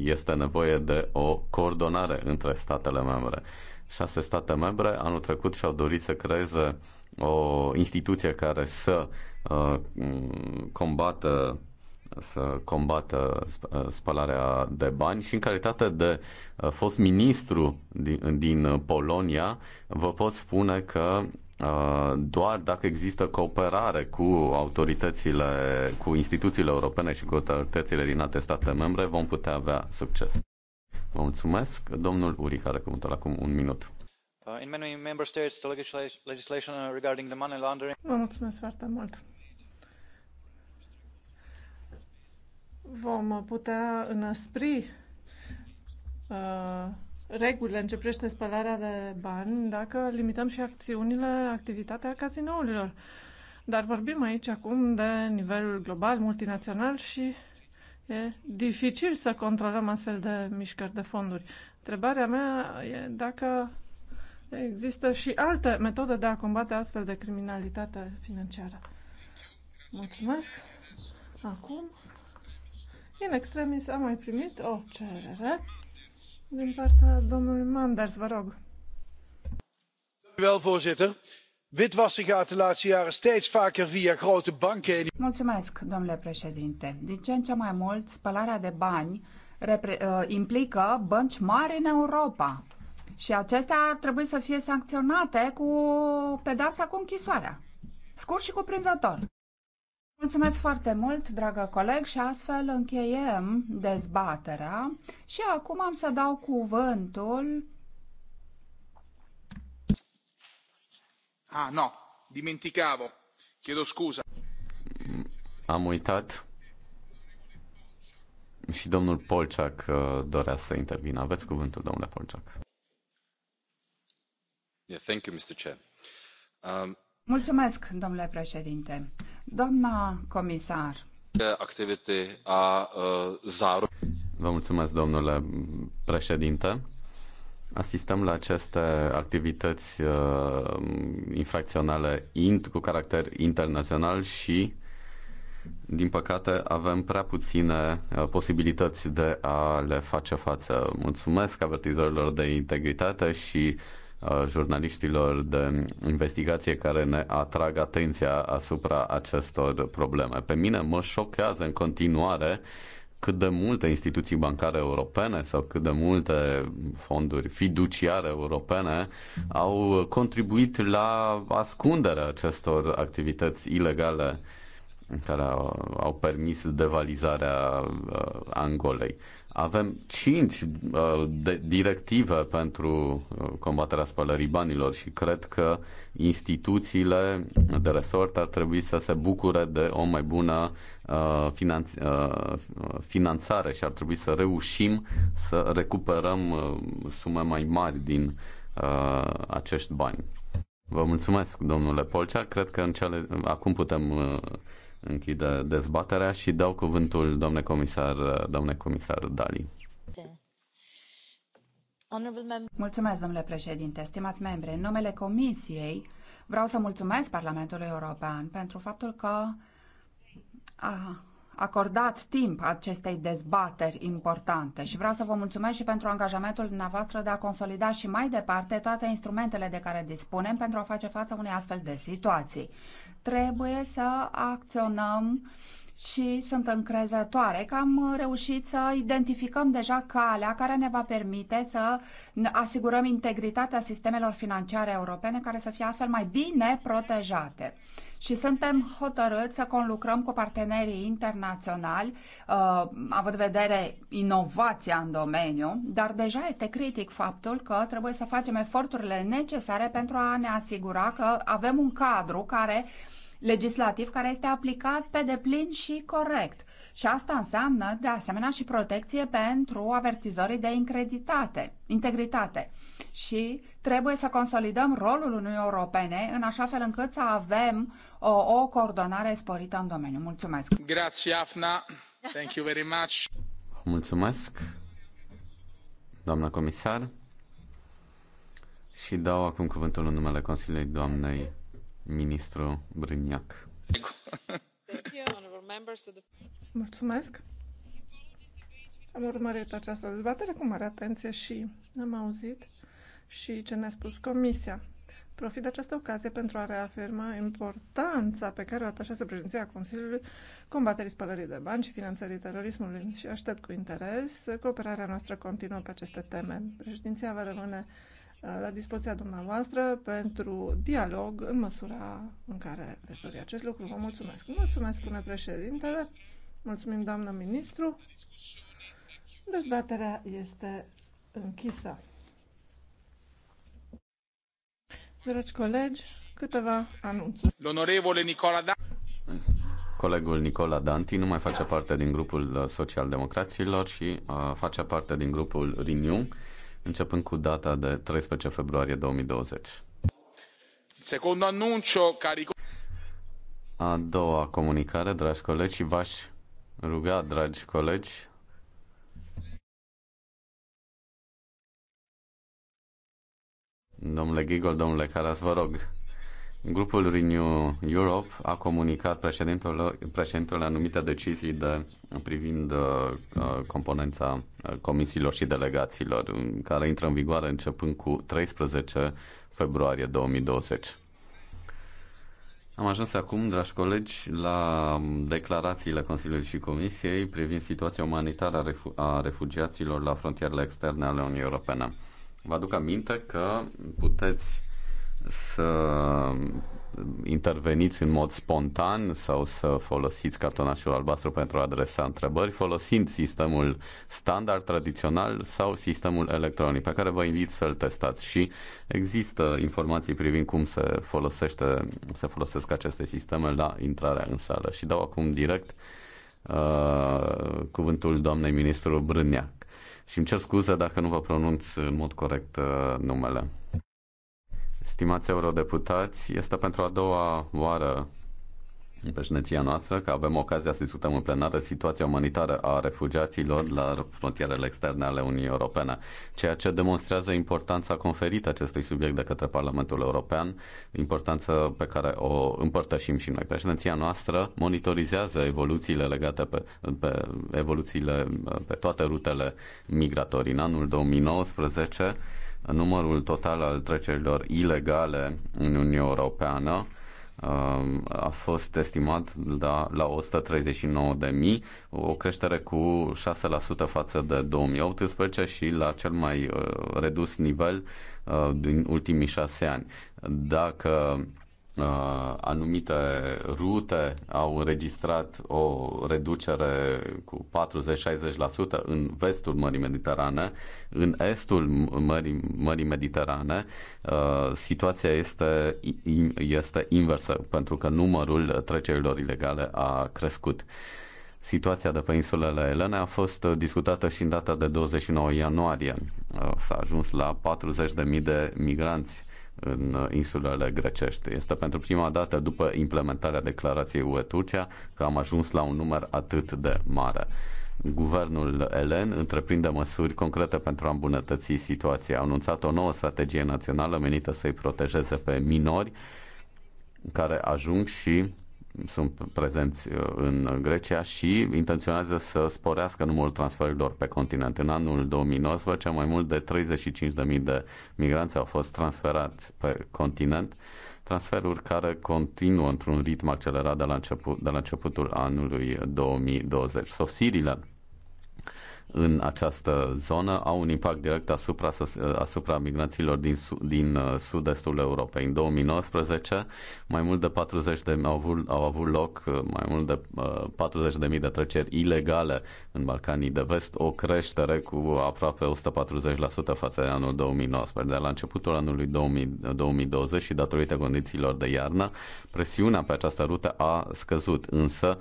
Este nevoie de o coordonare între statele membre. Șase state membre anul trecut și-au dorit să creeze o instituție care să Uh, combată să combată uh, spălarea de bani și în calitate de uh, fost ministru din, din Polonia, vă pot spune că doar dacă există cooperare cu autoritățile, cu instituțiile europene și cu autoritățile din alte state membre, vom putea avea succes. Vă mulțumesc. Domnul Uri, care cuvântul acum un minut. Vă mulțumesc foarte mult. vom putea înăspri uh, regulile în ce privește spălarea de bani dacă limităm și acțiunile, activitatea cazinourilor. Dar vorbim aici acum de nivelul global, multinațional și e dificil să controlăm astfel de mișcări de fonduri. Întrebarea mea e dacă există și alte metode de a combate astfel de criminalitate financiară. Mulțumesc! Acum în extremis am mai primit o cerere din partea domnului Manders, vă rog. voorzitter. Witwassen gaat de laatste jaren steeds vaker via grote banken. Mulțumesc, domnule președinte. Din ce în ce mai mult, spălarea de bani uh, implică bănci mari în Europa. Și acestea ar trebui să fie sancționate cu pedeapsa cu închisoarea. Scurt și cuprinzător. Mulțumesc foarte mult, dragă coleg, și astfel încheiem dezbaterea. Și acum am să dau cuvântul. Ah, no, dimenticavo. Chiedo scuza. Am uitat. Și domnul Polciac uh, dorea să intervină. Aveți cuvântul, domnule Polciac. Yeah, thank you, Mr. Chair. Um, Mulțumesc, domnule președinte. Doamna comisar. Activități a ZAR. Vă mulțumesc, domnule președinte. Asistăm la aceste activități uh, infracționale int, cu caracter internațional și, din păcate, avem prea puține uh, posibilități de a le face față. Mulțumesc avertizorilor de integritate și uh, jurnaliștilor de investigație care ne atrag atenția asupra acestor probleme. Pe mine mă șochează în continuare cât de multe instituții bancare europene sau cât de multe fonduri fiduciare europene au contribuit la ascunderea acestor activități ilegale care au, au permis devalizarea uh, Angolei. Avem cinci uh, directive pentru uh, combaterea spălării banilor și cred că instituțiile de resort ar trebui să se bucure de o mai bună uh, finanț- uh, finanțare și ar trebui să reușim să recuperăm uh, sume mai mari din uh, acești bani. Vă mulțumesc, domnule Polcea. Cred că în cele... acum putem uh, închide dezbaterea și dau cuvântul doamne comisar, doamne comisar Dali. Mulțumesc, domnule președinte, stimați membri. În numele Comisiei vreau să mulțumesc Parlamentului European pentru faptul că a acordat timp acestei dezbateri importante și vreau să vă mulțumesc și pentru angajamentul dumneavoastră de a consolida și mai departe toate instrumentele de care dispunem pentru a face față unei astfel de situații trebuie să acționăm și sunt încrezătoare că am reușit să identificăm deja calea care ne va permite să asigurăm integritatea sistemelor financiare europene care să fie astfel mai bine protejate și suntem hotărâți să conlucrăm cu partenerii internaționali, uh, având vedere inovația în domeniu, dar deja este critic faptul că trebuie să facem eforturile necesare pentru a ne asigura că avem un cadru care uh, legislativ care este aplicat pe deplin și corect. Și asta înseamnă, de asemenea, și protecție pentru avertizorii de increditate, integritate. Și trebuie să consolidăm rolul Uniunii Europene în așa fel încât să avem o, o coordonare sporită în domeniu. Mulțumesc! Grazie, Afna! Thank you very much! Mulțumesc, doamna comisar! Și dau acum cuvântul în numele Consiliului doamnei ministru Brignac. Mulțumesc! Am urmărit această dezbatere cu mare atenție și am auzit și ce ne-a spus Comisia. Profit de această ocazie pentru a reafirma importanța pe care o atașează președinția Consiliului combaterii spălării de bani și finanțării terorismului și aștept cu interes cooperarea noastră continuă pe aceste teme. Președinția va rămâne la dispoziția dumneavoastră pentru dialog în măsura în care veți dori acest lucru. Vă mulțumesc. Mulțumesc, spune președintele. Mulțumim, doamnă ministru. Dezbaterea este închisă. Dragi colegi, câteva anunțuri. L'onorevole Nicola Dan... Colegul Nicola Danti nu mai face parte din grupul uh, social-democraților și uh, face parte din grupul Renew începând cu data de 13 februarie 2020. Secondo annuncio, carico... A doua comunicare, dragi colegi, și v-aș ruga, dragi colegi, Domnule Gigol, domnule Caras, vă rog, Grupul Renew Europe a comunicat președintele anumite decizii de, privind uh, uh componența uh, comisiilor și delegațiilor, care intră în vigoare începând cu 13 februarie 2020. Am ajuns acum, dragi colegi, la declarațiile Consiliului și Comisiei privind situația umanitară a, refu- a refugiaților la frontierele externe ale Uniunii Europene. Vă aduc aminte că puteți să interveniți în mod spontan sau să folosiți cartonașul albastru pentru a adresa întrebări folosind sistemul standard tradițional sau sistemul electronic pe care vă invit să-l testați și există informații privind cum se folosește, se folosesc aceste sisteme la intrarea în sală și dau acum direct uh, cuvântul doamnei ministru Brâniac și îmi cer scuze dacă nu vă pronunț în mod corect uh, numele stimați eurodeputați, este pentru a doua oară în președinția noastră că avem ocazia să discutăm în plenară situația umanitară a refugiaților la frontierele externe ale Uniunii Europene, ceea ce demonstrează importanța conferită acestui subiect de către Parlamentul European, importanță pe care o împărtășim și noi. Președinția noastră monitorizează evoluțiile legate pe, pe evoluțiile pe toate rutele migratorii. În anul 2019 numărul total al trecerilor ilegale în Uniunea Europeană um, a fost estimat da, la, la 139.000, o creștere cu 6% față de 2018 și la cel mai uh, redus nivel uh, din ultimii șase ani. Dacă Uh, anumite rute au înregistrat o reducere cu 40-60% în vestul Mării Mediterane, în estul Mării, Mării Mediterane uh, situația este, este inversă, pentru că numărul trecerilor ilegale a crescut. Situația de pe insulele Elene a fost discutată și în data de 29 ianuarie. Uh, s-a ajuns la 40.000 de migranți în insulele grecești. Este pentru prima dată după implementarea declarației UE-Turcia că am ajuns la un număr atât de mare. Guvernul elen întreprinde măsuri concrete pentru a îmbunătăți situația. A anunțat o nouă strategie națională menită să-i protejeze pe minori care ajung și sunt prezenți uh, în Grecia și intenționează să sporească numărul transferurilor pe continent. În anul 2019, mai mult de 35.000 de migranți au fost transferați pe continent, transferuri care continuă într-un ritm accelerat de la, început, de la începutul anului 2020. Sosirile în această zonă au un impact direct asupra, asupra migrațiilor din, din uh, sud-estul Europei. În 2019, mai mult de 40 de, au, avut, au avut loc uh, mai mult de 40.000 uh, de, de treceri ilegale în Balcanii de Vest, o creștere cu aproape 140% față de anul 2019. De la începutul anului 2000, 2020 și datorită condițiilor de iarnă, presiunea pe această rută a scăzut, însă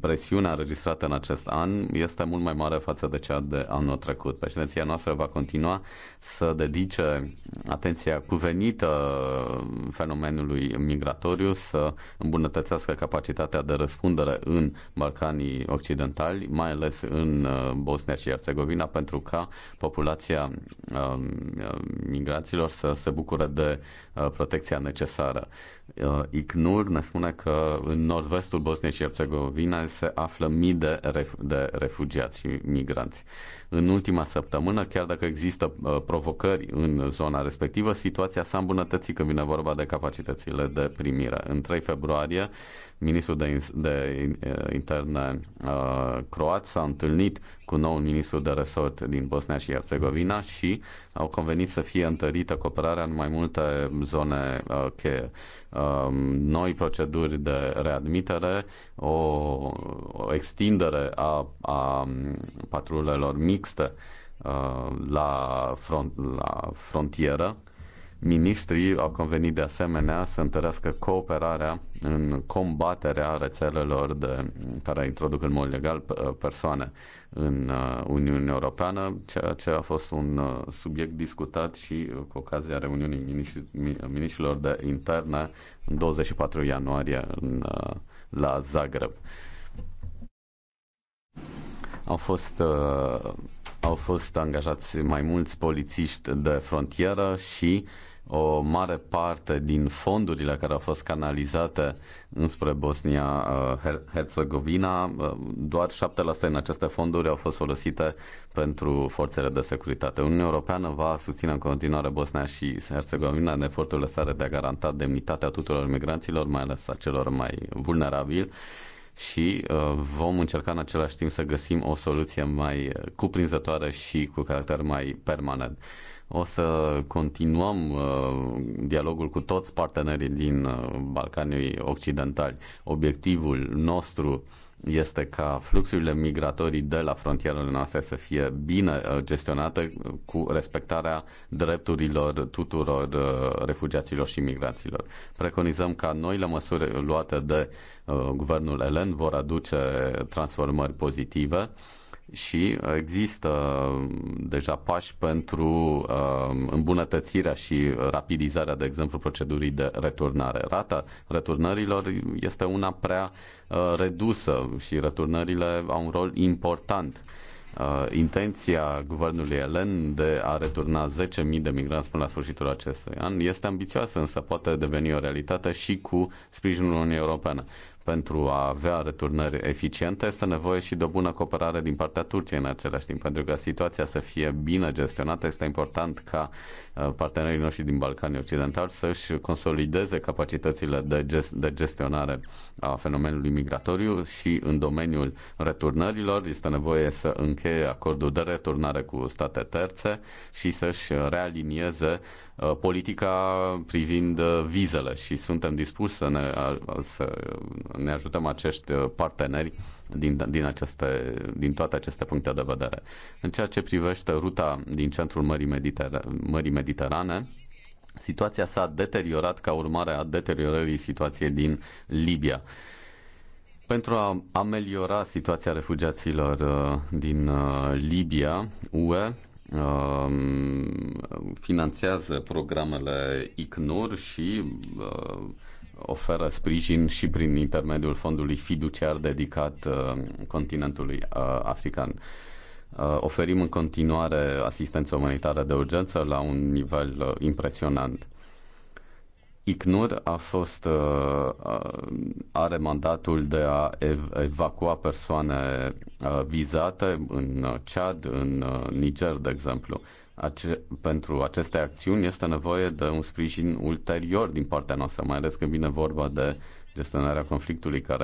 presiunea înregistrată în acest an este mult mai mare față de cea de anul trecut. Președinția noastră va continua să dedice atenția cuvenită fenomenului migratoriu, să îmbunătățească capacitatea de răspundere în Balcanii Occidentali, mai ales în uh, Bosnia și Herțegovina, pentru ca populația um, uh, migraților să se bucure de Uh, protecția necesară. Uh, ICNUR ne spune că în nord-vestul Bosniei și Herțegovina se află mii de, ref- de refugiați și migranți. În ultima săptămână, chiar dacă există uh, provocări în zona respectivă, situația s-a îmbunătățit când vine vorba de capacitățile de primire. În 3 februarie, ministru de, de uh, interne uh, croat s-a întâlnit cu noul ministru de resort din Bosnia și Herțegovina și au convenit să fie întărită cooperarea în mai multe zone uh, cheie. Uh, noi proceduri de readmitere, o, o extindere a, a patrulelor mixte uh, la, front, la frontieră, Ministrii au convenit de asemenea să întărească cooperarea în combaterea rețelelor de, care introduc în mod legal uh, persoane în uh, Uniunea Europeană, ceea ce a fost un uh, subiect discutat și cu ocazia reuniunii ministrilor de interne în 24 ianuarie în, la Zagreb. Au fost, uh, au fost angajați mai mulți polițiști de frontieră și o mare parte din fondurile care au fost canalizate înspre Bosnia-Herzegovina, uh, uh, doar 7% din aceste fonduri au fost folosite pentru forțele de securitate. Uniunea Europeană va susține în continuare Bosnia și Herzegovina în eforturile sale de a garanta demnitatea tuturor migranților, mai ales a celor mai vulnerabili și uh, vom încerca în același timp să găsim o soluție mai uh, cuprinzătoare și cu caracter mai permanent. O să continuăm uh, dialogul cu toți partenerii din Balcanii Occidentali. Obiectivul nostru este ca fluxurile migratorii de la frontierele noastre să fie bine uh, gestionate uh, cu respectarea drepturilor tuturor uh, refugiaților și migraților. Preconizăm ca noile măsuri luate de guvernul Elen vor aduce transformări pozitive și uh, există um, deja pași pentru um, îmbunătățirea și rapidizarea, de exemplu, procedurii de returnare. Rata returnărilor este una prea uh, redusă și returnările au un rol important. Uh, intenția guvernului elen de a returna 10.000 de migranți până la sfârșitul acestui an este ambițioasă, însă poate deveni o realitate și cu sprijinul Uniunii Europene pentru a avea returnări eficiente, este nevoie și de o bună cooperare din partea Turciei în același timp, pentru că situația să fie bine gestionată. Este important ca uh, partenerii noștri din Balcanii Occidentali să-și consolideze capacitățile de, gest- de gestionare a fenomenului migratoriu și în domeniul returnărilor este nevoie să încheie acordul de returnare cu state terțe și să-și realinieze Uh, politica privind uh, vizele și suntem dispuși să ne, să ne ajutăm acești uh, parteneri din, din, aceste, din toate aceste puncte de vedere. În ceea ce privește ruta din centrul Mării, Mediter- Mării Mediterane, situația s-a deteriorat ca urmare a deteriorării situației din Libia. Pentru a ameliora situația refugiaților din Libia, UE Um, finanțează programele ICNUR și uh, oferă sprijin și prin intermediul fondului fiduciar dedicat uh, continentului uh, african. Oferim în continuare asistență umanitară de urgență la un nivel impresionant. ICNUR a fost, uh, uh, are mandatul de a evacua persoane uh, vizate în Chad, în Niger, de exemplu. Ace- pentru aceste acțiuni este nevoie de un sprijin ulterior din partea noastră, mai ales când vine vorba de gestionarea conflictului care